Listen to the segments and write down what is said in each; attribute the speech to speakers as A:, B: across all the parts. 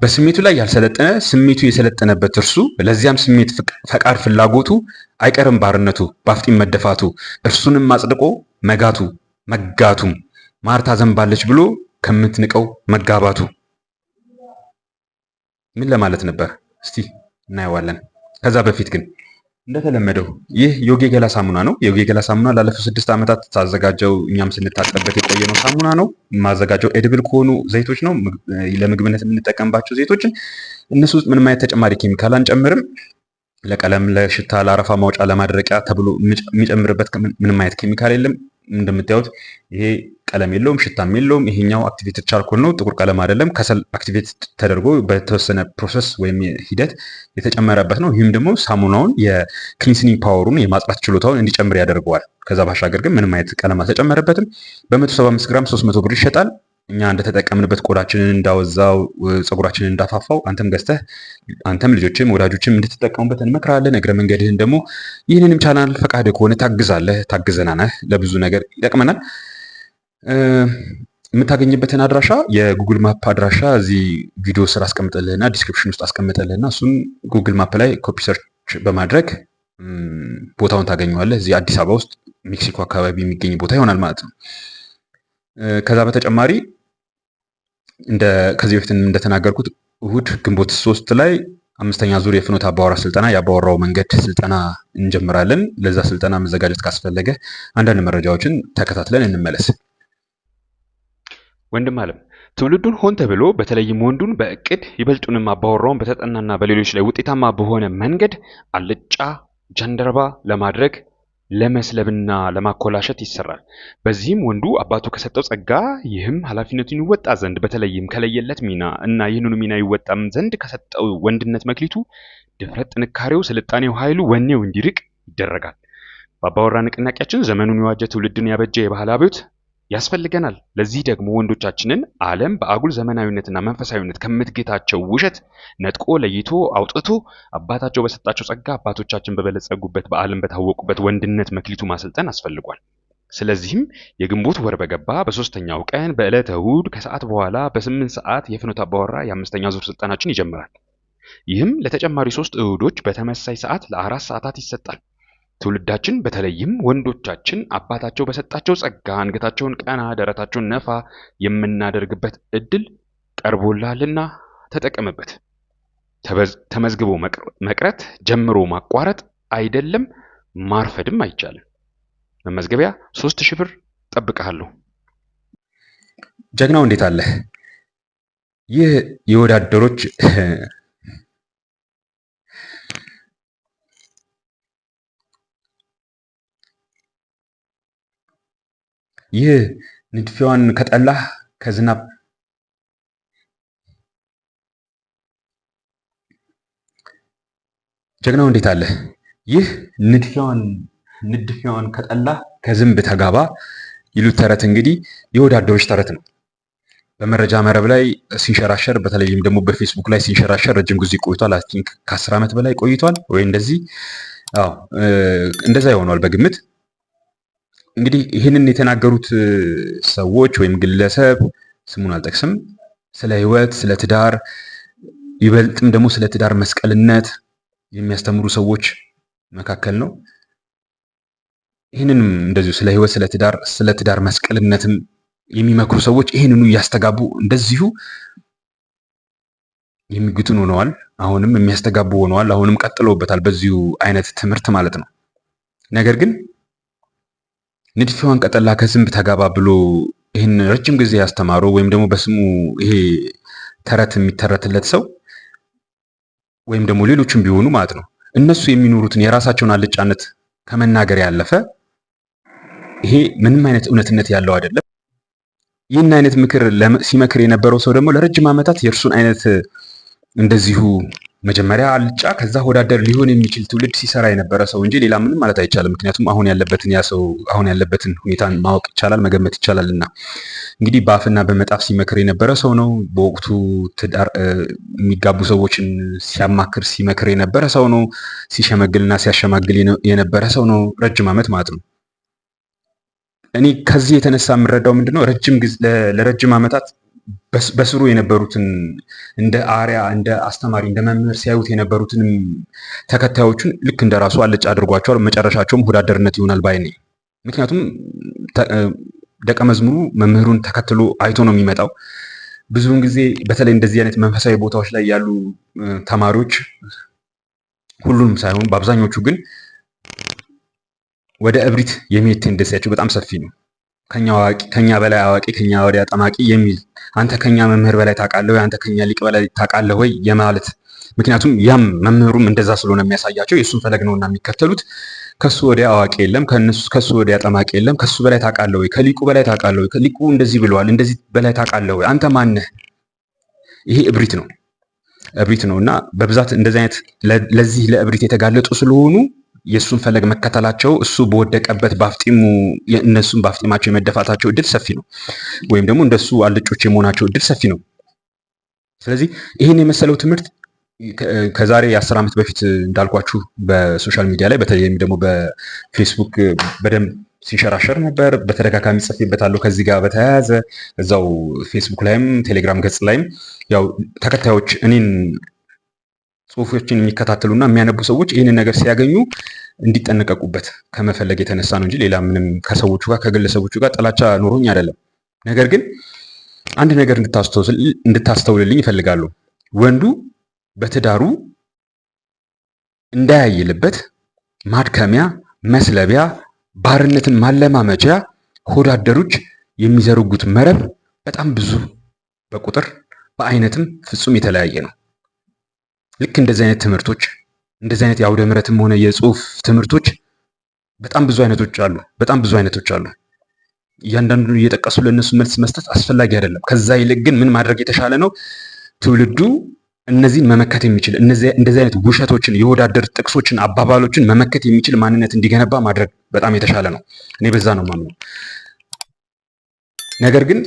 A: በስሜቱ ላይ ያልሰለጠነ ስሜቱ የሰለጠነበት እርሱ ለዚያም ስሜት ፈቃድ ፍላጎቱ አይቀርም ባርነቱ ባፍጢም መደፋቱ እርሱንም አጽድቆ መጋቱ መጋቱም ማርታ ዘንባለች ብሎ ከምትንቀው መጋባቱ ምን ለማለት ነበር? እስቲ እናየዋለን። ከዛ በፊት ግን እንደተለመደው ይህ ዮጊ ገላ ሳሙና ነው። ዮጊ ገላ ሳሙና ላለፉት ስድስት ዓመታት ሳዘጋጀው እኛም የቆየ ነው ሳሙና ነው። ማዘጋጀው ኤድብል ከሆኑ ዘይቶች ነው። ለምግብነት የምንጠቀምባቸው ዘይቶች እነሱ ውስጥ ምንም አይነት ተጨማሪ ኬሚካል አንጨምርም። ለቀለም፣ ለሽታ፣ ለአረፋ ማውጫ፣ ለማድረቂያ ተብሎ የሚጨምርበት ምንም አይነት ኬሚካል የለም። እንደምታዩት ይሄ ቀለም የለውም፣ ሽታም የለውም። ይሄኛው አክቲቬትድ ቻርኮል ነው፣ ጥቁር ቀለም አይደለም። ከሰል አክቲቬት ተደርጎ በተወሰነ ፕሮሰስ ወይም ሂደት የተጨመረበት ነው። ይህም ደግሞ ሳሙናውን የክሊንሲኒንግ ፓወሩን የማጽዳት ችሎታውን እንዲጨምር ያደርገዋል። ከዛ ባሻገር ግን ምንም አይነት ቀለም አልተጨመረበትም። በ175 ግራም 300 ብር ይሸጣል። እኛ እንደተጠቀምንበት ቆዳችንን እንዳወዛው ፀጉራችንን እንዳፋፋው አንተም ገዝተህ አንተም ልጆችም ወዳጆችም እንድትጠቀሙበት እንመክራለን። እግረ መንገድህን ደግሞ ይህንንም ቻናል ፈቃድ ከሆነ ታግዛለህ፣ ታግዘናነህ ለብዙ ነገር ይጠቅመናል። የምታገኝበትን አድራሻ የጉግል ማፕ አድራሻ እዚህ ቪዲዮ ስር አስቀምጠልህና ዲስክሪፕሽን ውስጥ አስቀምጠልህና እሱን ጉግል ማፕ ላይ ኮፒ ሰርች በማድረግ ቦታውን ታገኘዋለህ። እዚህ አዲስ አበባ ውስጥ ሜክሲኮ አካባቢ የሚገኝ ቦታ ይሆናል ማለት ነው። ከዛ በተጨማሪ ከዚህ በፊት እንደተናገርኩት እሁድ ግንቦት ሶስት ላይ አምስተኛ ዙር የፍኖት አባወራ ስልጠና የአባወራው መንገድ ስልጠና እንጀምራለን። ለዛ ስልጠና መዘጋጀት ካስፈለገ አንዳንድ መረጃዎችን ተከታትለን እንመለስ። ወንድም አለም ትውልዱን ሆን ተብሎ በተለይም ወንዱን በእቅድ ይበልጡንም አባወራውን በተጠናና በሌሎች ላይ ውጤታማ በሆነ መንገድ አልጫ ጀንደረባ ለማድረግ ለመስለብና ለማኮላሸት ይሰራል። በዚህም ወንዱ አባቱ ከሰጠው ጸጋ፣ ይህም ኃላፊነቱን ይወጣ ዘንድ በተለይም ከለየለት ሚና እና ይህንኑ ሚና ይወጣም ዘንድ ከሰጠው ወንድነት መክሊቱ፣ ድፍረት፣ ጥንካሬው፣ ስልጣኔው፣ ኃይሉ፣ ወኔው እንዲርቅ ይደረጋል። በአባወራ ንቅናቄያችን ዘመኑን የዋጀ ትውልድን ያበጀ የባህል አብዮት ያስፈልገናል። ለዚህ ደግሞ ወንዶቻችንን ዓለም በአጉል ዘመናዊነትና መንፈሳዊነት ከምትጌታቸው ውሸት ነጥቆ ለይቶ አውጥቶ አባታቸው በሰጣቸው ጸጋ አባቶቻችን በበለጸጉበት በዓለም በታወቁበት ወንድነት መክሊቱ ማሰልጠን አስፈልጓል። ስለዚህም የግንቦት ወር በገባ በሶስተኛው ቀን በዕለተ እሁድ ከሰዓት በኋላ በስምንት ሰዓት የፍኖተ አባወራ የአምስተኛ ዙር ስልጠናችን ይጀምራል። ይህም ለተጨማሪ ሶስት እሁዶች በተመሳይ ሰዓት ለአራት ሰዓታት ይሰጣል። ትውልዳችን በተለይም ወንዶቻችን አባታቸው በሰጣቸው ጸጋ አንገታቸውን ቀና ደረታቸውን ነፋ የምናደርግበት እድል ቀርቦላልና ተጠቀምበት። ተመዝግቦ መቅረት፣ ጀምሮ ማቋረጥ አይደለም፣ ማርፈድም አይቻልም። መመዝገቢያ ሶስት ሺህ ብር ጠብቀሃለሁ። ጀግናው እንዴት አለ ይህ የወዳደሮች ይህ ንድፊዋን ከጠላህ ከዝናብ ጀግናው እንዴት አለ። ይህ ንድፊዋን ከጠላህ ከዝንብ ተጋባ ይሉት ተረት እንግዲህ የወዳደሮች ተረት ነው። በመረጃ መረብ ላይ ሲንሸራሸር በተለይም ደግሞ በፌስቡክ ላይ ሲንሸራሸር ረጅም ጊዜ ቆይቷል። አይ ቲንክ ከአስር ዓመት በላይ ቆይቷል ወይ እንደዚህ። እንደዛ ይሆኗል በግምት እንግዲህ ይህንን የተናገሩት ሰዎች ወይም ግለሰብ ስሙን አልጠቅስም፣ ስለ ህይወት፣ ስለ ትዳር ይበልጥም ደግሞ ስለ ትዳር መስቀልነት የሚያስተምሩ ሰዎች መካከል ነው። ይህንንም እንደዚሁ ስለ ህይወት፣ ስለ ትዳር፣ ስለ ትዳር መስቀልነትም የሚመክሩ ሰዎች ይህንኑ እያስተጋቡ እንደዚሁ የሚግጡን ሆነዋል። አሁንም የሚያስተጋቡ ሆነዋል። አሁንም ቀጥለውበታል፣ በዚሁ አይነት ትምህርት ማለት ነው። ነገር ግን ንድፊዋን ቀጠላ ከዝንብ ተጋባ ብሎ ይህን ረጅም ጊዜ ያስተማሩ ወይም ደግሞ በስሙ ይሄ ተረት የሚተረትለት ሰው ወይም ደግሞ ሌሎችም ቢሆኑ ማለት ነው እነሱ የሚኖሩትን የራሳቸውን አልጫነት ከመናገር ያለፈ ይሄ ምንም አይነት እውነትነት ያለው አይደለም። ይህን አይነት ምክር ሲመክር የነበረው ሰው ደግሞ ለረጅም ዓመታት የእርሱን አይነት እንደዚሁ መጀመሪያ አልጫ ከዛ ወዳደር ሊሆን የሚችል ትውልድ ሲሰራ የነበረ ሰው እንጂ ሌላ ምንም ማለት አይቻልም። ምክንያቱም አሁን ያለበትን ያ ሰው አሁን ያለበትን ሁኔታን ማወቅ ይቻላል፣ መገመት ይቻላል። እና እንግዲህ በአፍና በመጣፍ ሲመክር የነበረ ሰው ነው። በወቅቱ ትዳር የሚጋቡ ሰዎችን ሲያማክር ሲመክር የነበረ ሰው ነው። ሲሸመግልና ሲያሸማግል የነበረ ሰው ነው። ረጅም ዓመት ማለት ነው። እኔ ከዚህ የተነሳ የምረዳው ምንድነው ረጅም ለረጅም ዓመታት በስሩ የነበሩትን እንደ አሪያ እንደ አስተማሪ እንደ መምህር ሲያዩት የነበሩትንም ተከታዮቹን ልክ እንደ ራሱ አልጭ አድርጓቸዋል። መጨረሻቸውም ሆዳደርነት ይሆናል ባይ ነኝ። ምክንያቱም ደቀ መዝሙሩ መምህሩን ተከትሎ አይቶ ነው የሚመጣው። ብዙውን ጊዜ በተለይ እንደዚህ አይነት መንፈሳዊ ቦታዎች ላይ ያሉ ተማሪዎች ሁሉንም ሳይሆን በአብዛኞቹ ግን ወደ እብሪት የሚሄድ ቴንደንሲያቸው በጣም ሰፊ ነው። ከኛ አዋቂ ከኛ በላይ አዋቂ ከኛ ወዲያ ጠማቂ የሚል አንተ ከኛ መምህር በላይ ታውቃለህ ወይ አንተ ከኛ ሊቅ በላይ ታውቃለህ ወይ የማለት ምክንያቱም ያም መምህሩም እንደዛ ስለሆነ የሚያሳያቸው የእሱን ፈለግ ነውና የሚከተሉት ከሱ ወዲያ አዋቂ የለም፣ ከሱ ወዲያ ጠማቂ የለም። ከሱ በላይ ታውቃለህ ወይ? ከሊቁ በላይ ታውቃለህ ወይ? ሊቁ እንደዚህ ብለዋል፣ እንደዚህ በላይ ታውቃለህ ወይ? አንተ ማነህ? ይሄ እብሪት ነው፣ እብሪት ነው እና በብዛት እንደዚህ አይነት ለዚህ ለእብሪት የተጋለጡ ስለሆኑ የእሱን ፈለግ መከተላቸው እሱ በወደቀበት ባፍጢሙ እነሱን ባፍጢማቸው የመደፋታቸው እድል ሰፊ ነው፣ ወይም ደግሞ እንደሱ አልጮች የመሆናቸው እድል ሰፊ ነው። ስለዚህ ይህን የመሰለው ትምህርት ከዛሬ የአስር ዓመት በፊት እንዳልኳችሁ በሶሻል ሚዲያ ላይ በተለይም ደግሞ በፌስቡክ በደንብ ሲንሸራሸር ነበር። በተደጋጋሚ ጽፌበታለሁ። ከዚህ ጋር በተያያዘ እዛው ፌስቡክ ላይም ቴሌግራም ገጽ ላይም ያው ተከታዮች እኔን ጽሁፎችን የሚከታተሉና የሚያነቡ ሰዎች ይህንን ነገር ሲያገኙ እንዲጠነቀቁበት ከመፈለግ የተነሳ ነው እንጂ ሌላ ምንም ከሰዎቹ ጋር ከግለሰቦቹ ጋር ጥላቻ ኖሮኝ አይደለም። ነገር ግን አንድ ነገር እንድታስተውልልኝ ይፈልጋሉ። ወንዱ በትዳሩ እንዳያይልበት ማድከሚያ፣ መስለቢያ፣ ባርነትን ማለማመጃ ሆዳደሮች የሚዘረጉት መረብ በጣም ብዙ በቁጥር በአይነትም ፍጹም የተለያየ ነው። ልክ እንደዚህ አይነት ትምህርቶች እንደዚህ አይነት የአውደ ምረትም ሆነ የጽሁፍ ትምህርቶች በጣም ብዙ አይነቶች አሉ። በጣም ብዙ አይነቶች አሉ። እያንዳንዱን እየጠቀሱ ለእነሱ መልስ መስጠት አስፈላጊ አይደለም። ከዛ ይልቅ ግን ምን ማድረግ የተሻለ ነው? ትውልዱ እነዚህን መመከት የሚችል እንደዚህ አይነት ውሸቶችን፣ የወዳደር ጥቅሶችን፣ አባባሎችን መመከት የሚችል ማንነት እንዲገነባ ማድረግ በጣም የተሻለ ነው። እኔ በዛ ነው ማምነው። ነገር ግን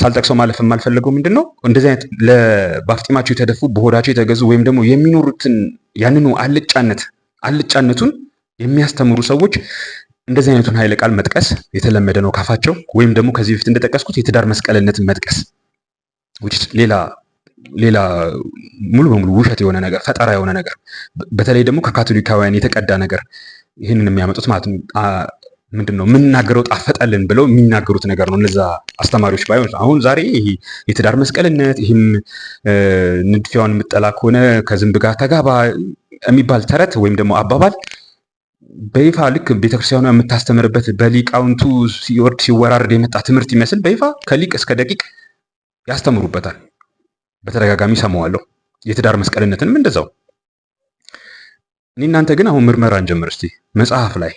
A: ሳልጠቅሰው ማለፍ የማልፈለገው ምንድን ነው እንደዚህ አይነት ለባፍጢማቸው የተደፉ በሆዳቸው የተገዙ ወይም ደግሞ የሚኖሩትን ያንኑ አልጫነት አልጫነቱን የሚያስተምሩ ሰዎች እንደዚህ አይነቱን ኃይለ ቃል መጥቀስ የተለመደ ነው ካፋቸው ወይም ደግሞ ከዚህ በፊት እንደጠቀስኩት የትዳር መስቀልነትን መጥቀስ ሌላ ሌላ ሙሉ በሙሉ ውሸት የሆነ ነገር ፈጠራ የሆነ ነገር በተለይ ደግሞ ከካቶሊካውያን የተቀዳ ነገር ይህንን የሚያመጡት ማለት ነው። ምንድን ነው የምንናገረው ጣፈጠልን ብለው የሚናገሩት ነገር ነው። እነዛ አስተማሪዎች ባይሆን አሁን ዛሬ ይሄ የትዳር መስቀልነት ይህም ንድፊያውን የምጠላ ከሆነ ከዝንብ ጋር ተጋባ የሚባል ተረት ወይም ደግሞ አባባል በይፋ ልክ ቤተክርስቲያኗ የምታስተምርበት በሊቃውንቱ ሲወርድ ሲወራርድ የመጣ ትምህርት ይመስል በይፋ ከሊቅ እስከ ደቂቅ ያስተምሩበታል። በተደጋጋሚ ሰማዋለሁ። የትዳር መስቀልነትንም እንደዛው። እኔ እናንተ ግን አሁን ምርመራ እንጀምር እስቲ መጽሐፍ ላይ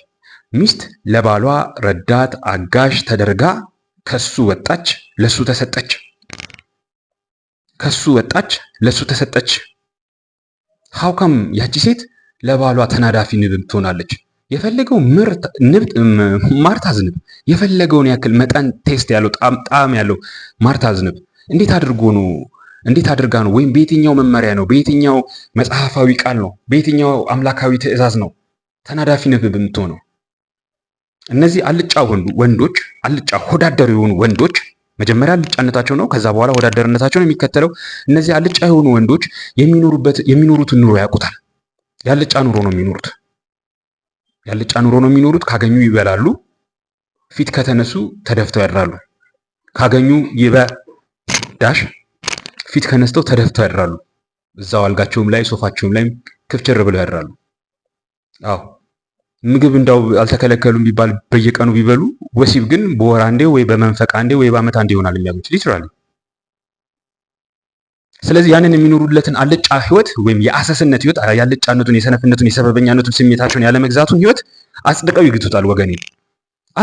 A: ሚስት ለባሏ ረዳት አጋዥ ተደርጋ ከሱ ወጣች፣ ለሱ ተሰጠች። ከሱ ወጣች፣ ለሱ ተሰጠች። ሀውካም ያቺ ሴት ለባሏ ተናዳፊ ንብ ትሆናለች? የፈለገው ማርታ ዝንብ የፈለገውን ያክል መጠን ቴስት ያለው ጣዕም ያለው ማርታ ዝንብ እንዴት አድርጎ ነው እንዴት አድርጋ ነው? ወይም በየትኛው መመሪያ ነው? በየትኛው መጽሐፋዊ ቃል ነው? በየትኛው አምላካዊ ትእዛዝ ነው ተናዳፊ ንብ የምትሆነው? እነዚህ አልጫ ወንዶች አልጫ ሆዳደር የሆኑ ወንዶች መጀመሪያ አልጫነታቸው ነው። ከዛ በኋላ ወዳደርነታቸው ነው የሚከተለው። እነዚህ አልጫ የሆኑ ወንዶች የሚኖሩበት የሚኖሩትን ኑሮ ያውቁታል። ያልጫ ኑሮ ነው የሚኖሩት። ያልጫ ኑሮ ነው የሚኖሩት። ካገኙ ይበላሉ፣ ፊት ከተነሱ ተደፍተው ያድራሉ። ካገኙ ይበ ዳሽ ፊት ከነስተው ተደፍተው ያድራሉ። እዛው አልጋቸውም ላይ ሶፋቸውም ላይ ክፍችር ብለው ያድራሉ። አዎ ምግብ እንዳው አልተከለከሉም ቢባል በየቀኑ ቢበሉ፣ ወሲብ ግን በወር አንዴ ወይ በመንፈቅ አንዴ ወይ በዓመት አንዴ ይሆናል የሚያገኙት ሊትራሊ። ስለዚህ ያንን የሚኖሩለትን አልጫ ህይወት ወይም የአሰስነት ህይወት የአልጫነቱን፣ የሰነፍነቱን፣ የሰበበኛነቱን ስሜታቸውን ያለመግዛቱን ህይወት አጽድቀው ይግቱታል። ወገኔ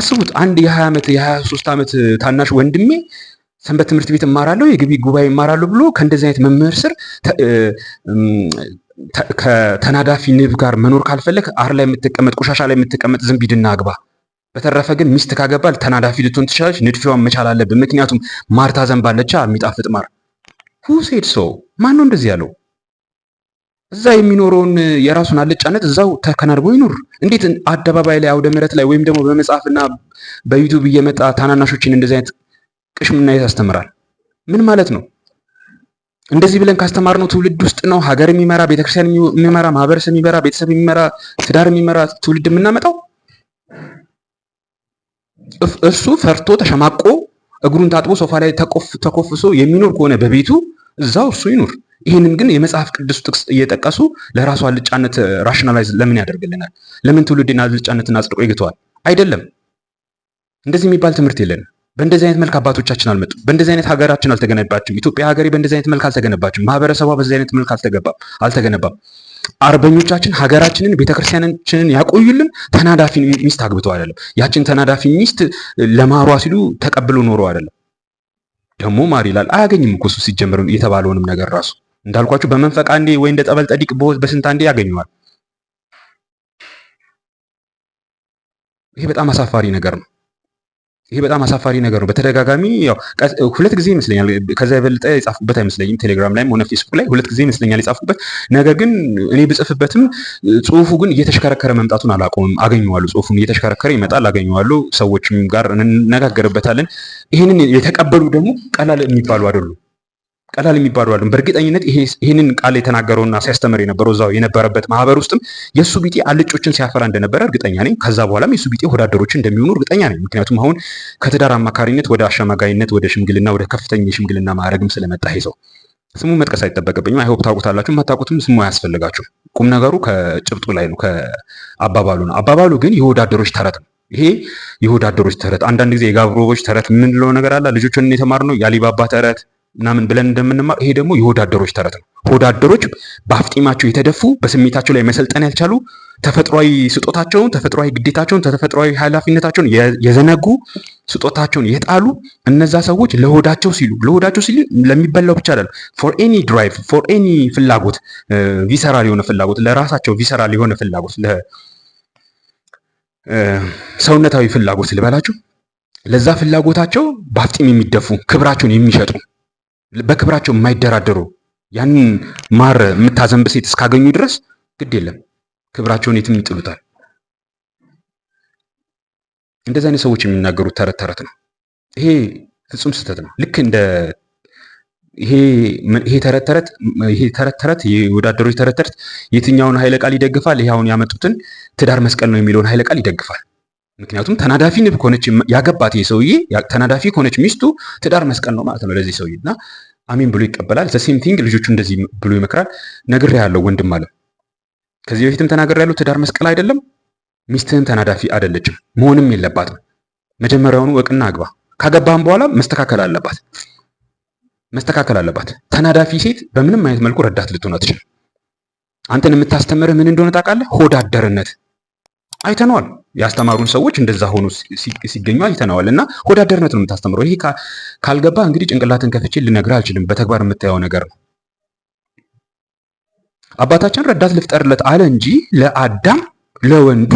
A: አስቡት፣ አንድ የ20 ዓመት የ23 ዓመት ታናሽ ወንድሜ ሰንበት ትምህርት ቤት እማራለሁ የግቢ ጉባኤ እማራለሁ ብሎ ከእንደዚህ አይነት መምህር ስር ከተናዳፊ ንብ ጋር መኖር ካልፈለግ አር ላይ የምትቀመጥ ቆሻሻ ላይ የምትቀመጥ ዝም አግባ። በተረፈ ግን ሚስት ካገባል ተናዳፊ ልትሆን ትችላለች። ንድፊዋን መቻል አለብን። ምክንያቱም ማር ታዘንባለች። የሚጣፍጥ ማር ሁሴድ ሰው ማን ነው እንደዚህ ያለው? እዛ የሚኖረውን የራሱን አልጫነት እዛው ተከናድቦ ይኑር። እንዴት አደባባይ ላይ አውደ ምረት ላይ ወይም ደግሞ በመጽሐፍና በዩቱብ እየመጣ ታናናሾችን እንደዚህ አይነት ቅሽምና ያስተምራል? ምን ማለት ነው? እንደዚህ ብለን ካስተማርነው ትውልድ ውስጥ ነው ሀገር የሚመራ ቤተክርስቲያን የሚመራ ማህበረሰብ የሚመራ ቤተሰብ የሚመራ ትዳር የሚመራ ትውልድ የምናመጣው። እሱ ፈርቶ ተሸማቆ እግሩን ታጥቦ ሶፋ ላይ ተኮፍሶ የሚኖር ከሆነ በቤቱ እዛው እሱ ይኑር። ይህንን ግን የመጽሐፍ ቅዱስ ጥቅስ እየጠቀሱ ለራሱ አልጫነት ራሽናላይዝ ለምን ያደርግልናል? ለምን ትውልድና አልጫነትን አጽድቆ ይግተዋል? አይደለም። እንደዚህ የሚባል ትምህርት የለንም። በእንደዚህ አይነት መልክ አባቶቻችን አልመጡም። በእንደዚህ አይነት ሀገራችን አልተገነባችም። ኢትዮጵያ ሀገሬ በእንደዚህ አይነት መልክ አልተገነባችም። ማህበረሰቧ በዚህ አይነት መልክ አልተገነባም። አርበኞቻችን ሀገራችንን ቤተክርስቲያናችንን ያቆዩልን ተናዳፊ ሚስት አግብተው አይደለም። ያችን ተናዳፊ ሚስት ለማሯ ሲሉ ተቀብሎ ኖሮ አይደለም። ደግሞ ማር ይላል አያገኝም እኮ እሱ ሲጀምር የተባለውንም ነገር ራሱ እንዳልኳችሁ በመንፈቅ አንዴ ወይ እንደ ጠበል ጠዲቅ በስንት አንዴ ያገኘዋል። ይሄ በጣም አሳፋሪ ነገር ነው። ይሄ በጣም አሳፋሪ ነገር ነው። በተደጋጋሚ ያው ሁለት ጊዜ ይመስለኛል፣ ከዛ የበለጠ የጻፉበት አይመስለኝም። ቴሌግራም ላይም ሆነ ፌስቡክ ላይ ሁለት ጊዜ ይመስለኛል የጻፉበት። ነገር ግን እኔ ብጽፍበትም ጽሁፉ ግን እየተሽከረከረ መምጣቱን አላቆምም። አገኘዋለሁ፣ ጽሁፉን እየተሽከረከረ ይመጣል፣ አገኘዋለሁ። ሰዎችም ጋር እንነጋገርበታለን። ይህንን የተቀበሉ ደግሞ ቀላል የሚባሉ አይደሉም። ቀላል የሚባሉ አሉ። በእርግጠኝነት ይህንን ቃል የተናገረውና ሲያስተምር የነበረው እዛው የነበረበት ማህበር ውስጥም የእሱ ቢጤ አልጮችን ሲያፈራ እንደነበረ እርግጠኛ ነኝ። ከዛ በኋላም የእሱ ቢጤ ወዳደሮች እንደሚሆኑ እርግጠኛ ነኝ። ምክንያቱም አሁን ከትዳር አማካሪነት ወደ አሸማጋይነት፣ ወደ ሽምግልና፣ ወደ ከፍተኛ የሽምግልና ማዕረግም ስለመጣ ይዘው ስሙ መጥቀስ አይጠበቅብኝም። አይሆፕ ታውቁታላችሁ። ማታውቁትም ስሙ አያስፈልጋችሁ። ቁም ነገሩ ከጭብጡ ላይ ነው፣ ከአባባሉ ነው። አባባሉ ግን የወዳደሮች ተረት ነው። ይሄ የወዳደሮች ተረት፣ አንዳንድ ጊዜ የጋብሮች ተረት የምንለው ነገር አለ። ልጆችን የተማርነው የአሊባባ ተረት ምናምን ብለን እንደምንማር ይሄ ደግሞ የወዳደሮች ተረት ነው። ወዳደሮች በአፍጢማቸው የተደፉ በስሜታቸው ላይ መሰልጠን ያልቻሉ ተፈጥሯዊ ስጦታቸውን፣ ተፈጥሯዊ ግዴታቸውን፣ ተፈጥሯዊ ኃላፊነታቸውን የዘነጉ ስጦታቸውን የጣሉ እነዛ ሰዎች ለሆዳቸው ሲሉ ለሆዳቸው ሲሉ ለሚበላው ብቻ አይደለም፣ ፎር ኤኒ ድራይቭ ፎር ኤኒ ፍላጎት ቪሰራል የሆነ ፍላጎት ለራሳቸው ቪሰራል የሆነ ፍላጎት ሰውነታዊ ፍላጎት ልበላችሁ ለዛ ፍላጎታቸው በአፍጢም የሚደፉ ክብራቸውን የሚሸጡ በክብራቸው የማይደራደሩ ያንን ማር የምታዘንብ ሴት እስካገኙ ድረስ ግድ የለም ክብራቸውን የትም ይጥሉታል። እንደዚህ አይነት ሰዎች የሚናገሩት ተረት ተረት ነው። ይሄ ፍጹም ስህተት ነው። ልክ እንደ ይሄ ተረት ተረት ይሄ ተረት ተረት የወዳደሮች ተረት ተረት የትኛውን ኃይለ ቃል ይደግፋል? ይሄ አሁን ያመጡትን ትዳር መስቀል ነው የሚለውን ኃይለ ቃል ይደግፋል። ምክንያቱም ተናዳፊ ንብ ከሆነች ያገባት ሰውዬ ተናዳፊ ከሆነች ሚስቱ ትዳር መስቀል ነው ማለት ነው ለዚህ ሰውዬ እና አሚን ብሎ ይቀበላል። ሴም ቲንግ ልጆቹ እንደዚህ ብሎ ይመክራል። ነግር ያለው ወንድም አለ ከዚህ በፊትም ተናገር ያለው ትዳር መስቀል አይደለም። ሚስትህን ተናዳፊ አይደለችም መሆንም የለባትም። መጀመሪያውኑ እቅና አግባ። ካገባህም በኋላ መስተካከል አለባት መስተካከል አለባት። ተናዳፊ ሴት በምንም አይነት መልኩ ረዳት ልትሆን አትችልም። አንተን የምታስተምርህ ምን እንደሆነ ታውቃለህ? ሆዳደርነት አይተነዋል። ያስተማሩን ሰዎች እንደዛ ሆኖ ሲገኙ አይተነዋል። እና ወዳደርነት ነው የምታስተምረው። ይሄ ካልገባ እንግዲህ ጭንቅላትን ከፍቼ ልነግር አልችልም። በተግባር የምታየው ነገር ነው። አባታችን ረዳት ልፍጠርለት አለ እንጂ ለአዳም ለወንዱ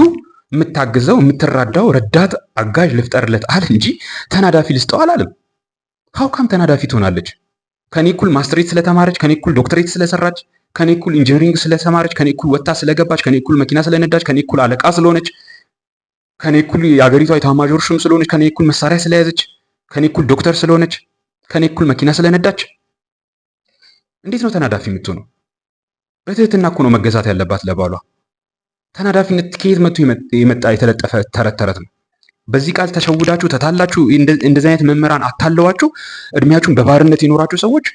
A: የምታግዘው የምትራዳው ረዳት አጋዥ ልፍጠርለት አለ እንጂ ተናዳፊ ልስጠው አላለም። ሀውካም ተናዳፊ ትሆናለች? ከኔ እኩል ማስትሬት ስለተማረች ከኔ እኩል ዶክትሬት ስለሰራች ከኔ እኩል ኢንጂነሪንግ ስለተማረች፣ ከኔ እኩል ወታ ስለገባች፣ ከኔ እኩል መኪና ስለነዳች፣ ከኔ እኩል አለቃ ስለሆነች፣ ከኔ እኩል የአገሪቷ የታማዦር ሹም ስለሆነች፣ ከኔ እኩል መሳሪያ ስለያዘች፣ ከኔ እኩል ዶክተር ስለሆነች፣ ከኔ እኩል መኪና ስለነዳች፣ እንዴት ነው ተናዳፊ የምትሆነው? በትህትና እኮ ነው መገዛት ያለባት ለባሏ። ተናዳፊነት ከየት መቶ የመጣ የተለጠፈ ተረት ተረት ነው። በዚህ ቃል ተሸውዳችሁ ተታላችሁ እንደዚህ አይነት መምህራን አታለዋችሁ እድሜያችሁን በባርነት የኖራችሁ ሰዎች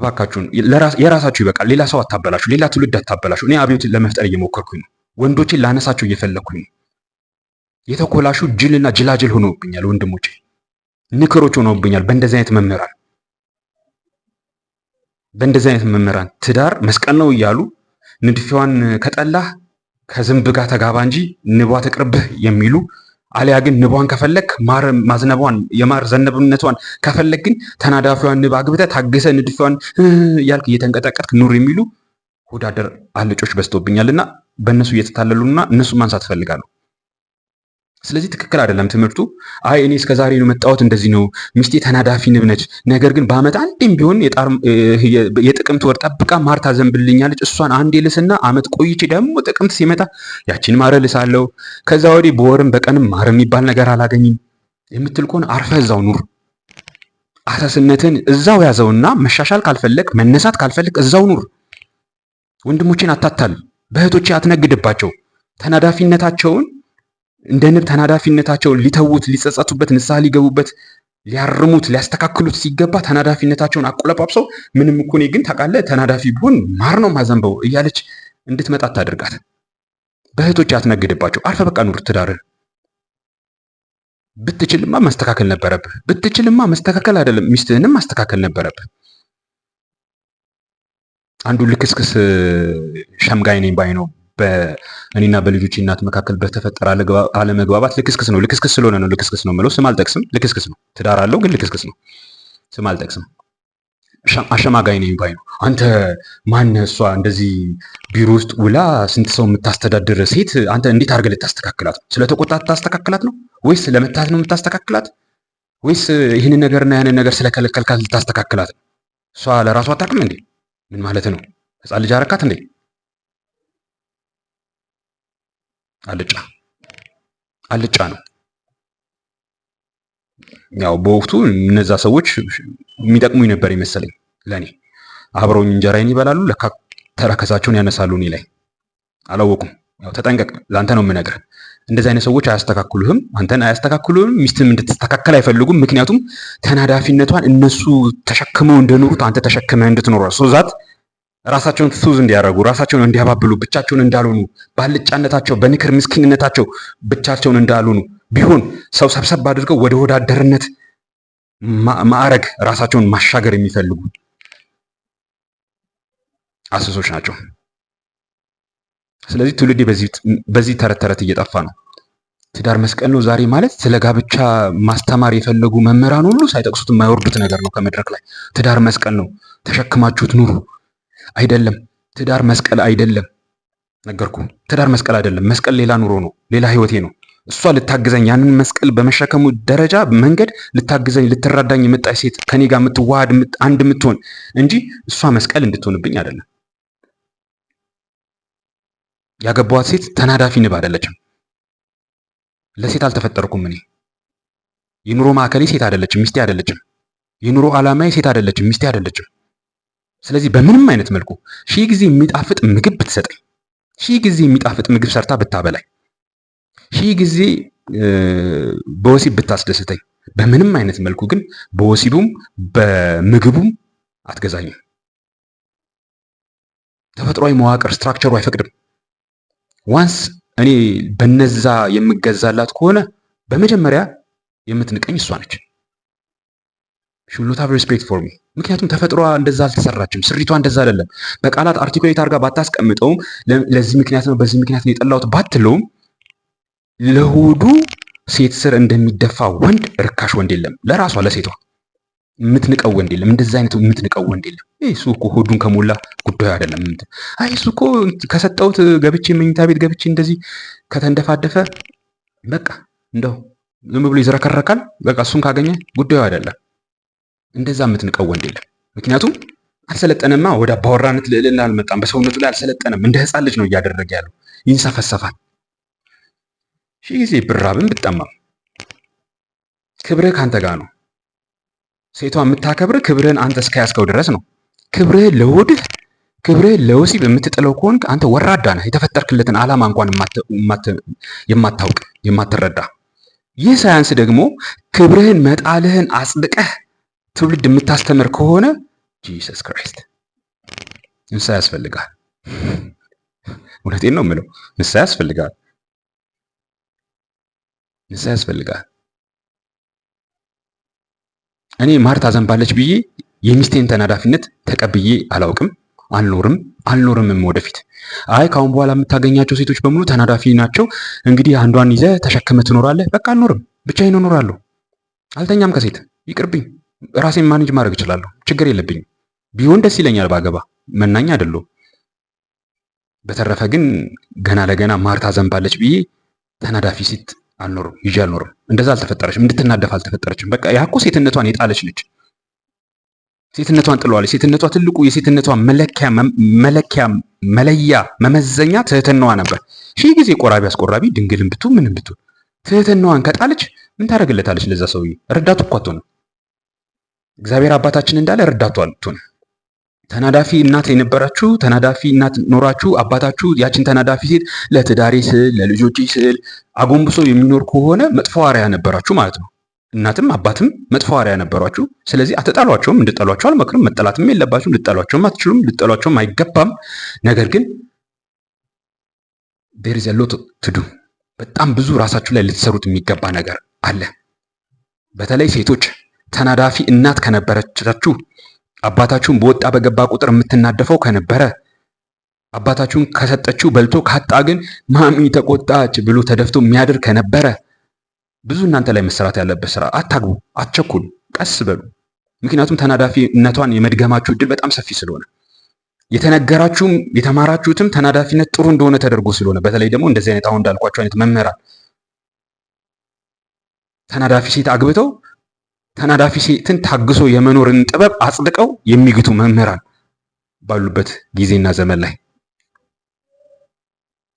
A: እባካችሁን የራሳችሁ ይበቃል። ሌላ ሰው አታበላሹ፣ ሌላ ትውልድ አታበላሹ። እኔ አብዮትን ለመፍጠር እየሞከርኩኝ ነው። ወንዶችን ላነሳቸው እየፈለግኩኝ ነው። የተኮላሹ ጅልና ጅላጅል ሆኖብኛል። ወንድሞቼ ንክሮች ሆኖብኛል። በእንደዚህ አይነት መምህራን በእንደዚህ አይነት መምህራን ትዳር መስቀል ነው እያሉ ንድፊዋን ከጠላህ ከዝንብ ጋር ተጋባ እንጂ ንቧ ትቅርብህ የሚሉ አሊያ ግን ንቧን ከፈለግ ማር ማዝነቧን የማር ዘነብነቷን ከፈለግ ግን ተናዳፊዋን ንብ አግብተ ታግሰ ንድፊዋን ያልክ እየተንቀጠቀጥክ ኑር የሚሉ ሆዳደር አለጮች በዝቶብኛልና በእነሱ እየተታለሉና እነሱ ማንሳት ፈልጋሉ። ስለዚህ ትክክል አይደለም ትምህርቱ። አይ እኔ እስከ ዛሬ ነው መጣሁት፣ እንደዚህ ነው ሚስቴ ተናዳፊ ንብ ነች። ነገር ግን በአመት አንዴም ቢሆን የጥቅምት ወር ጠብቃ ማር ታዘንብልኛለች። እሷን አንዴ ልስና አመት ቆይቼ ደግሞ ጥቅምት ሲመጣ ያችን ማር ልሳለሁ። ከዛ ወዲህ በወርም በቀንም ማር የሚባል ነገር አላገኝም የምትል ከሆነ አርፈ እዛው ኑር። አሰስነትን እዛው ያዘውና መሻሻል ካልፈለግ መነሳት ካልፈለግ እዛው ኑር። ወንድሞችን አታታል፣ በእህቶቼ አትነግድባቸው። ተናዳፊነታቸውን እንደ ንብ ተናዳፊነታቸውን ሊተዉት፣ ሊጸጸቱበት፣ ንስሐ ሊገቡበት፣ ሊያርሙት፣ ሊያስተካክሉት ሲገባ ተናዳፊነታቸውን አቆለጳብሰው ምንም እኮ እኔ ግን ታውቃለህ ተናዳፊ ቢሆን ማር ነው ማዘንበው እያለች እንድትመጣ ታደርጋት። በእህቶች አትነግድባቸው። አርፈ በቃ ኑር ትዳርን ብትችልማ ማስተካከል ነበረብህ። ብትችልማ ማስተካከል አይደለም ሚስትህንም ማስተካከል ነበረብህ። አንዱ ልክስክስ ሸምጋይ ነኝ ባይ ነው በእኔና በልጆች እናት መካከል በተፈጠረ አለመግባባት ልክስክስ ነው። ልክስክስ ስለሆነ ነው ልክስክስ ነው የምለው። ስም አልጠቅስም። ልክስክስ ነው። ትዳር አለው ግን ልክስክስ ነው። ስም አልጠቅስም። አሸማጋይ ነኝ ባይ ነው። አንተ ማን እሷ እንደዚህ ቢሮ ውስጥ ውላ ስንት ሰው የምታስተዳድር ሴት አንተ እንዴት አድርገህ ልታስተካክላት ነው? ስለተቆጣት ልታስተካክላት ነው ወይስ ለመታት ነው የምታስተካክላት? ወይስ ይህንን ነገርና ያንን ነገር ስለከለከልካት ልታስተካክላት ነው? እሷ ለራሷ አታውቅም እንዴ? ምን ማለት ነው? ሕፃን ልጅ አረካት እንዴ? አልጫ አልጫ ነው። ያው በወቅቱ እነዛ ሰዎች የሚጠቅሙኝ ነበር ይመስለኝ ለእኔ አብረውኝ እንጀራዬን ይበላሉ። ለካ ተረከሳቸውን ያነሳሉ እኔ ላይ አላወቁም። ያው ተጠንቀቅ፣ ለአንተ ነው የምነግር። እንደዚህ አይነት ሰዎች አያስተካክሉህም፣ አንተን አያስተካክሉህም፣ ሚስትም እንድትስተካከል አይፈልጉም። ምክንያቱም ተናዳፊነቷን እነሱ ተሸክመው እንደኖሩት አንተ ተሸክመህ እንድትኖረ ሶ ዛት ራሳቸውን ትሱዝ እንዲያደርጉ ራሳቸውን እንዲያባብሉ ብቻቸውን እንዳልሆኑ ባልጫነታቸው በንክር ምስኪንነታቸው ብቻቸውን እንዳልሆኑ ቢሆን ሰው ሰብሰብ አድርገው ወደ ወዳደርነት ማዕረግ ራሳቸውን ማሻገር የሚፈልጉ አስሶች ናቸው። ስለዚህ ትውልዴ በዚህ ተረት ተረት እየጠፋ ነው። ትዳር መስቀል ነው ዛሬ ማለት ስለ ጋብቻ ማስተማር የፈለጉ መምህራን ሁሉ ሳይጠቅሱት የማይወርዱት ነገር ነው ከመድረክ ላይ። ትዳር መስቀል ነው፣ ተሸክማችሁት ኑሩ አይደለም። ትዳር መስቀል አይደለም። ነገርኩ። ትዳር መስቀል አይደለም። መስቀል ሌላ ኑሮ ነው፣ ሌላ ህይወቴ ነው። እሷ ልታግዘኝ ያንን መስቀል በመሸከሙ ደረጃ መንገድ ልታግዘኝ ልትረዳኝ የመጣች ሴት ከኔ ጋር የምትዋሃድ አንድ የምትሆን እንጂ እሷ መስቀል እንድትሆንብኝ አይደለም። ያገባዋት ሴት ተናዳፊ ንብ አይደለችም። ለሴት አልተፈጠርኩም እኔ። የኑሮ ማዕከሌ ሴት አይደለችም፣ ሚስቴ አይደለችም። የኑሮ ዓላማዬ ሴት አይደለችም፣ ሚስቴ አይደለችም። ስለዚህ በምንም አይነት መልኩ ሺህ ጊዜ የሚጣፍጥ ምግብ ብትሰጠኝ፣ ሺህ ጊዜ የሚጣፍጥ ምግብ ሰርታ ብታበላኝ፣ ሺህ ጊዜ በወሲብ ብታስደስተኝ፣ በምንም አይነት መልኩ ግን በወሲቡም በምግቡም አትገዛኝም። ተፈጥሯዊ መዋቅር ስትራክቸሩ አይፈቅድም። ዋንስ እኔ በነዛ የምገዛላት ከሆነ በመጀመሪያ የምትንቀኝ እሷ ነች። ሹልኖት ሃቭ ሪስፔክት ፎር ሚ ምክንያቱም ተፈጥሯ እንደዛ አልተሰራችም። ስሪቷ እንደዛ አይደለም። በቃላት አርቲኩሌት አድርጋ ባታስቀምጠውም ለዚህ ምክንያት ነው በዚህ ምክንያት ነው የጠላሁት ባትለውም ለሆዱ ሴት ስር እንደሚደፋ ወንድ ርካሽ ወንድ የለም። ለራሷ ለሴቷ የምትንቀው ወንድ የለም። እንደዛ አይነት የምትንቀው ወንድ የለም። እሱ እኮ ሆዱን ከሞላ ጉዳዩ አይደለም። አይ እሱ እኮ ገብቼ መኝታ ቤት ገብቼ እንደዚህ ከተንደፋደፈ በቃ እንደው ዝም ብሎ ይዝረከረካል። በቃ እሱን ካገኘ ጉዳዩ አይደለም። እንደዛ የምትንቀው ወንድ የለም። ምክንያቱም አልሰለጠነማ፣ ወደ አባወራነት ልዕልና አልመጣም። በሰውነቱ ላይ አልሰለጠነም። እንደ ህፃን ልጅ ነው እያደረገ ያለው፣ ይንሰፈሰፋል። ሺ ጊዜ ብራብን ብጠማም ክብርህ ከአንተ ጋር ነው። ሴቷ የምታከብር ክብርህን አንተ እስከያዝከው ድረስ ነው። ክብርህ ለውድህ ክብርህ ለወሲብ የምትጥለው ከሆንክ አንተ ወራዳ ነህ። የተፈጠርክለትን ዓላማ እንኳን የማታውቅ የማትረዳ። ይህ ሳያንስ ደግሞ ክብርህን መጣልህን አጽድቀህ ትውልድ የምታስተምር ከሆነ ጂሰስ ክራይስት ንስሐ ያስፈልጋል። እውነቴን ነው የምለው፣ ንስሐ ያስፈልጋል። ንስሐ ያስፈልጋል። እኔ ማርታ ዘንባለች ብዬ የሚስቴን ተናዳፊነት ተቀብዬ አላውቅም። አልኖርም አልኖርምም። ወደፊት አይ ከአሁን በኋላ የምታገኛቸው ሴቶች በሙሉ ተናዳፊ ናቸው፣ እንግዲህ አንዷን ይዘህ ተሸክመህ ትኖራለህ። በቃ አልኖርም፣ ብቻዬን እኖራለሁ። አልተኛም ከሴት ይቅርብኝ። ራሴን ማኔጅ ማድረግ እችላለሁ። ችግር የለብኝም። ቢሆን ደስ ይለኛል ባገባ፣ መናኛ አይደለሁም። በተረፈ ግን ገና ለገና ማርታ ዘንባለች ብዬ ተናዳፊ ሴት አልኖርም፣ ይዤ አልኖርም። እንደዛ አልተፈጠረችም፣ እንድትናደፍ አልተፈጠረችም። በቃ ያኮ ሴትነቷን የጣለች ነች። ሴትነቷን ጥለዋለች። ሴትነቷ ትልቁ የሴትነቷ መለኪያ መለኪያ መለያ መመዘኛ ትህትናዋ ነበር። ሺህ ጊዜ ቆራቢ አስቆራቢ ድንግልም ብቱ ምንም ብቱ ትህትናዋን ከጣለች ምን ታደርግለታለች? ለዛ ሰውዬ ረዳቱ እኮ አትሆንም። እግዚአብሔር አባታችን እንዳለ ረዳቷል ትሆን ተናዳፊ እናት የነበራችሁ ተናዳፊ እናት ኖራችሁ አባታችሁ ያችን ተናዳፊ ሴት ለትዳሬ ስል ለልጆች ስል አጎንብሶ የሚኖር ከሆነ መጥፎ አርያ ነበራችሁ ማለት ነው። እናትም አባትም መጥፎ አርያ ነበሯችሁ። ስለዚህ አትጣሏቸውም፣ እንድጠሏቸው አልመክርም። መጠላትም የለባችሁም፣ ልጠሏቸውም አትችሉም፣ ልጠሏቸውም አይገባም። ነገር ግን ዴር ኢዝ ኤ ሎት ቱ ዱ በጣም ብዙ ራሳችሁ ላይ ልትሰሩት የሚገባ ነገር አለ፣ በተለይ ሴቶች ተናዳፊ እናት ከነበረቻችሁ አባታችሁን በወጣ በገባ ቁጥር የምትናደፈው ከነበረ አባታችሁን ከሰጠችው በልቶ ካጣ ግን ማሚ ተቆጣች ብሎ ተደፍቶ የሚያድር ከነበረ ብዙ እናንተ ላይ መሰራት ያለበት ስራ። አታግቡ፣ አትቸኩሉ፣ ቀስ በሉ። ምክንያቱም ተናዳፊ እነቷን የመድገማችሁ እድል በጣም ሰፊ ስለሆነ የተነገራችሁም የተማራችሁትም ተናዳፊነት ጥሩ እንደሆነ ተደርጎ ስለሆነ በተለይ ደግሞ እንደዚህ አይነት አሁን እንዳልኳቸው አይነት መምህራን ተናዳፊ ሴት አግብተው ተናዳፊ ሴትን ታግሶ የመኖርን ጥበብ አጽድቀው የሚግቱ መምህራን ባሉበት ጊዜና ዘመን ላይ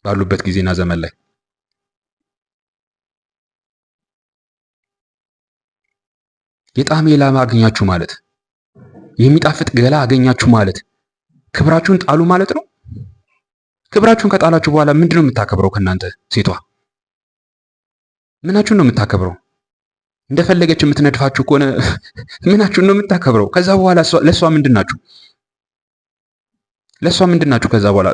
A: ባሉበት ጊዜና ዘመን ላይ የጣም ላም አገኛችሁ ማለት የሚጣፍጥ ገላ አገኛችሁ ማለት ክብራችሁን ጣሉ ማለት ነው። ክብራችሁን ከጣላችሁ በኋላ ምንድን ነው የምታከብረው? ከእናንተ ሴቷ ምናችሁን ነው የምታከብረው? እንደፈለገች የምትነድፋችሁ ከሆነ ምናችሁን ነው የምታከብረው? ከዛ በኋላ ለእሷ ምንድን ናችሁ? ለእሷ ምንድን ናችሁ? ከዛ በኋላ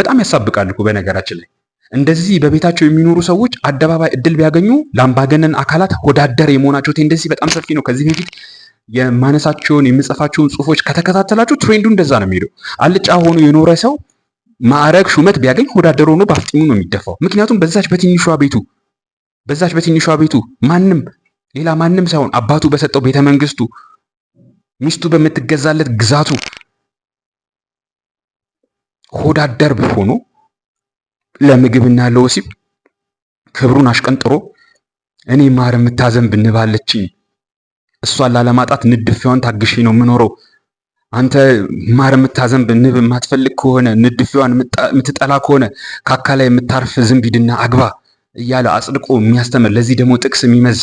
A: በጣም ያሳብቃል እኮ በነገራችን ላይ እንደዚህ በቤታቸው የሚኖሩ ሰዎች አደባባይ እድል ቢያገኙ ለአምባገነን አካላት ወዳደር የመሆናቸው ቴንደንሲ በጣም ሰፊ ነው። ከዚህ በፊት የማነሳቸውን የምጽፋቸውን ጽሁፎች ከተከታተላችሁ ትሬንዱ እንደዛ ነው የሚሄደው። አልጫ ሆኖ የኖረ ሰው ማዕረግ፣ ሹመት ቢያገኝ ወዳደር ሆኖ በአፍጢሙ ነው የሚደፋው። ምክንያቱም በዛች በትንሿ ቤቱ በዛች በትንሿ ቤቱ ማንም ሌላ ማንም ሳይሆን አባቱ በሰጠው ቤተ መንግስቱ፣ ሚስቱ በምትገዛለት ግዛቱ ሆዳደር ሆኖ ለምግብና ለወሲብ ክብሩን አሽቀንጥሮ እኔ ማር የምታዘንብ ንብ አለችኝ፣ እሷን ላለማጣት ንድፊዋን ታግሼ ነው የምኖረው። አንተ ማር የምታዘንብ ንብ የማትፈልግ ከሆነ ንድፊዋን የምትጠላ ከሆነ ካካ ላይ የምታርፍ ዝንብ ሂድና አግባ እያለ አጽድቆ የሚያስተምር ለዚህ ደግሞ ጥቅስ የሚመዝ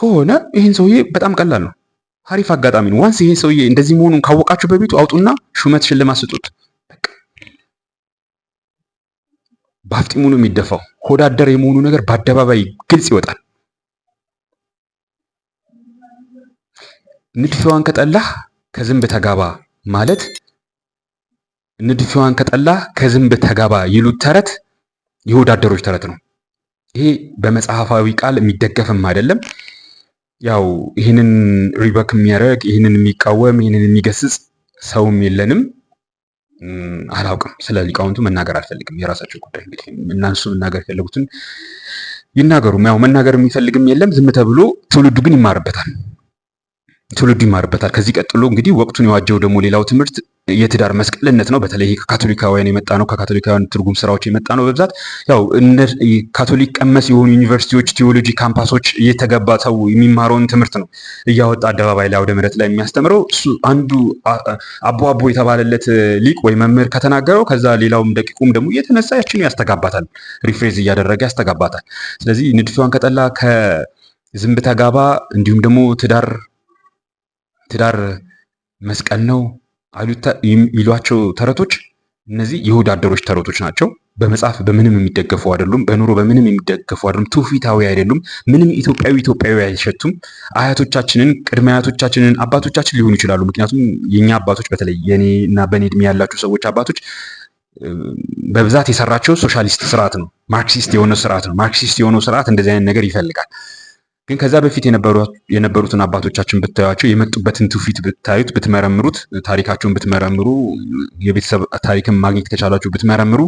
A: ከሆነ ይህን ሰውዬ በጣም ቀላል ነው። አሪፍ አጋጣሚ ነው። ዋንስ ይህን ሰውዬ እንደዚህ መሆኑን ካወቃችሁ በቤቱ አውጡና ሹመት ሽልማት ስጡት። በአፍጢሙ ነው የሚደፋው። ሆዳደር የመሆኑ ነገር በአደባባይ ግልጽ ይወጣል። ንድፊዋን ከጠላህ ከዝንብ ተጋባ ማለት ንድፊዋን ከጠላህ ከዝንብ ተጋባ ይሉት ተረት የወዳደሮች ተረት ነው። ይሄ በመጽሐፋዊ ቃል የሚደገፍም አይደለም። ያው ይህንን ሪበክ የሚያደርግ ይህንን የሚቃወም ይህንን የሚገስጽ ሰውም የለንም። አላውቅም። ስለ ሊቃውንቱ መናገር አልፈልግም። የራሳቸው ጉዳይ እንግዲህ እናንሱ መናገር የፈለጉትን ይናገሩ። ያው መናገር የሚፈልግም የለም ዝም ተብሎ፣ ትውልዱ ግን ይማርበታል። ትውልዱ ይማርበታል። ከዚህ ቀጥሎ እንግዲህ ወቅቱን የዋጀው ደግሞ ሌላው ትምህርት የትዳር መስቀልነት ነው። በተለይ ከካቶሊካውያን የመጣ ነው። ከካቶሊካውያን ትርጉም ስራዎች የመጣ ነው። በብዛት ያው ካቶሊክ ቀመስ የሆኑ ዩኒቨርሲቲዎች፣ ቴዎሎጂ ካምፓሶች እየተገባ ሰው የሚማረውን ትምህርት ነው እያወጣ አደባባይ ላይ አውደ ምሕረት ላይ የሚያስተምረው እሱ አንዱ አቦ አቦ የተባለለት ሊቅ ወይ መምህር ከተናገረው ከዛ ሌላውም ደቂቁም ደግሞ እየተነሳ ያችን ያስተጋባታል፣ ሪፍሬዝ እያደረገ ያስተጋባታል። ስለዚህ ንድፊዋን ከጠላ ከዝንብ ተጋባ፣ እንዲሁም ደግሞ ትዳር ትዳር መስቀል ነው ይሏቸው ተረቶች እነዚህ የይሁዳ አደሮች ተረቶች ናቸው። በመጽሐፍ በምንም የሚደገፉ አይደሉም። በኑሮ በምንም የሚደገፉ አይደሉም። ትውፊታዊ አይደሉም። ምንም ኢትዮጵያዊ ኢትዮጵያዊ አይሸቱም። አያቶቻችንን፣ ቅድመ አያቶቻችንን፣ አባቶቻችን ሊሆኑ ይችላሉ። ምክንያቱም የእኛ አባቶች በተለይ የኔ እና በኔ እድሜ ያላቸው ሰዎች አባቶች በብዛት የሰራቸው ሶሻሊስት ስርዓት ነው። ማርክሲስት የሆነ ስርዓት ነው። ማርክሲስት የሆነው ስርዓት እንደዚህ አይነት ነገር ይፈልጋል። ግን ከዛ በፊት የነበሩትን አባቶቻችን ብታዩቸው የመጡበትን ትውፊት ብታዩት ብትመረምሩት ታሪካቸውን ብትመረምሩ የቤተሰብ ታሪክን ማግኘት ከቻላችሁ ብትመረምሩ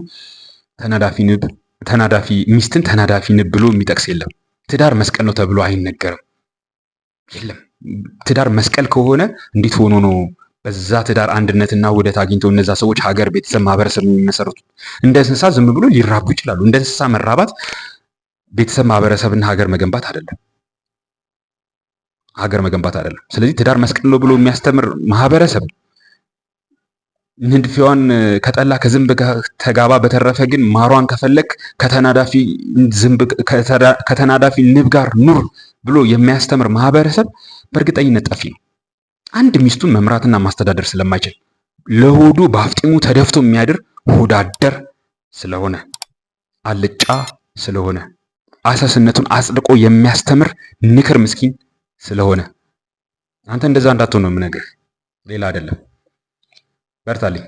A: ተናዳፊ ንብ ተናዳፊ ሚስትን ተናዳፊ ንብ ብሎ የሚጠቅስ የለም። ትዳር መስቀል ነው ተብሎ አይነገርም። የለም ትዳር መስቀል ከሆነ እንዴት ሆኖ ነው በዛ ትዳር አንድነትና ውህደት አግኝተው እነዛ ሰዎች ሀገር፣ ቤተሰብ፣ ማህበረሰብ የሚመሰረቱት? እንደ እንስሳ ዝም ብሎ ሊራቡ ይችላሉ። እንደ እንስሳ መራባት ቤተሰብ፣ ማህበረሰብና ሀገር መገንባት አይደለም። ሀገር መገንባት አይደለም። ስለዚህ ትዳር መስቀል ነው ብሎ የሚያስተምር ማህበረሰብ ንድፊዋን ከጠላ ከዝንብ ተጋባ፣ በተረፈ ግን ማሯን ከፈለክ ከተናዳፊ ንብ ጋር ኑር ብሎ የሚያስተምር ማህበረሰብ በእርግጠኝነት ጠፊ ነው። አንድ ሚስቱን መምራትና ማስተዳደር ስለማይችል ለሆዱ በአፍጢሙ ተደፍቶ የሚያድር ሆዳደር ስለሆነ አልጫ ስለሆነ አሰስነቱን አጽድቆ የሚያስተምር ንክር ምስኪን ስለሆነ አንተ እንደዛ እንዳትሆን ነው የምነግርህ፣ ሌላ አይደለም። በርታልኝ።